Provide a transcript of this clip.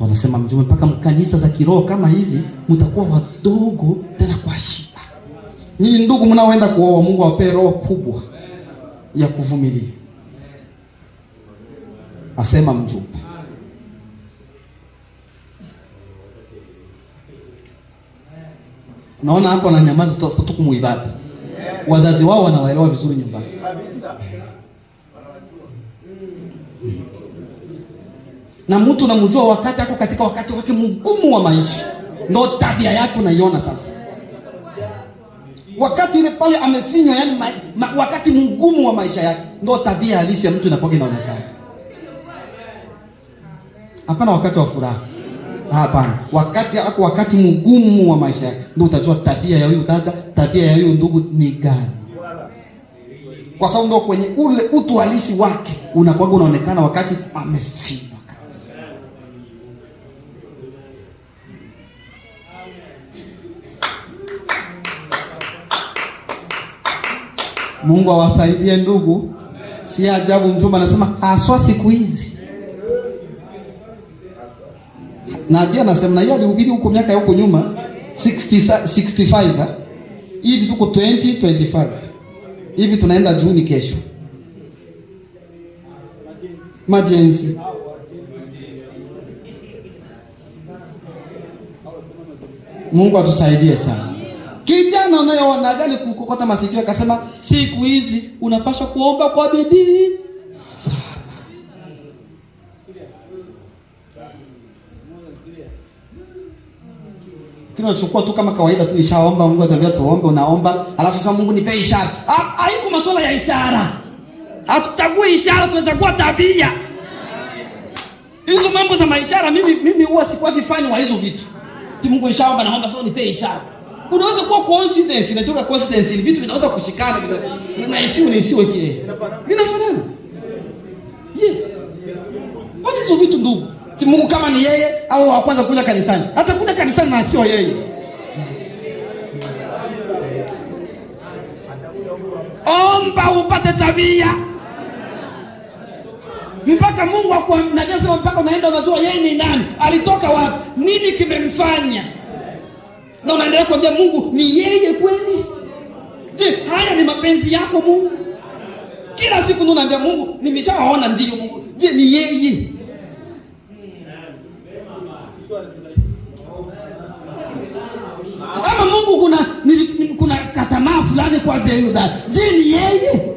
Wanasema mjumbe, mpaka mkanisa za kiroho kama hizi mtakuwa wadogo tena kwa shida. Nyinyi ndugu mnaoenda kuoa, Mungu awapee roho kubwa ya kuvumilia, asema mjumbe. Naona hapo ananyamaza tukumuibada. Wazazi wao wanawaelewa vizuri nyumbani kabisa na mtu unamjua wakati ako katika wakati wake mgumu wa maisha, ndo tabia yako naiona sasa. Wakati ile pale amefinywa, yani ma, ma, wakati mgumu wa maisha yake, ndo tabia halisi ya mtu inakuwa inaonekana. Hapana wakati wa furaha, hapana wakati ako wakati mgumu wa maisha yake, ndo utajua tabia ya huyu dada, tabia ya huyu ndugu ni gani, kwa sababu ndo kwenye ule utu halisi wake unakuwa unaonekana wakati amefinywa. Mungu awasaidie ndugu. Si ajabu mchumba anasema haswa siku hizi. Najua nasema na hiyo alihubiri huko miaka ya huko nyuma 60 65 eh? hivi tuko 2025 hivi tunaenda Juni kesho. Majenzi. Mungu atusaidie sana. Kijana unayeona gari kukokota masikio akasema siku hizi unapaswa kuomba kwa bidii sana. Chukua tu kama kawaida tu nishaomba, Mungu atambia tuombe, unaomba, alafu sasa Mungu nipe ishara. Ah, Haiko masuala ya ishara. Hatutagui ishara tunaweza kuwa tabia. Hizo mambo za maishara mimi mimi huwa sikuwa vifani wa hizo vitu. Ti Mungu nishaomba naomba sasa nipe ishara. Unaweza kuwa coincidence, inatoka coincidence, ni vitu vinaweza kushikana na na isiwe ni isiwe kile. Vinafanana. Yes. Bado hizo vitu ndugu. Si Mungu kama ni yeye au wa kwanza kuja kanisani. Hata kuja kanisani na sio yeye. Omba upate tabia. Mpaka Mungu akuambie, mpaka unaenda unajua yeye ni nani, alitoka wapi, nini kimemfanya na unaendelea kuambia Mungu ni yeye kweli? Je, haya ni mapenzi yako Mungu? Kila siku unaambia Mungu nimeshaona, ndio Mungu. Je, ni yeye? Kama Mungu kuna kuna katamaa fulani kwa Yuda, je, ni yeye?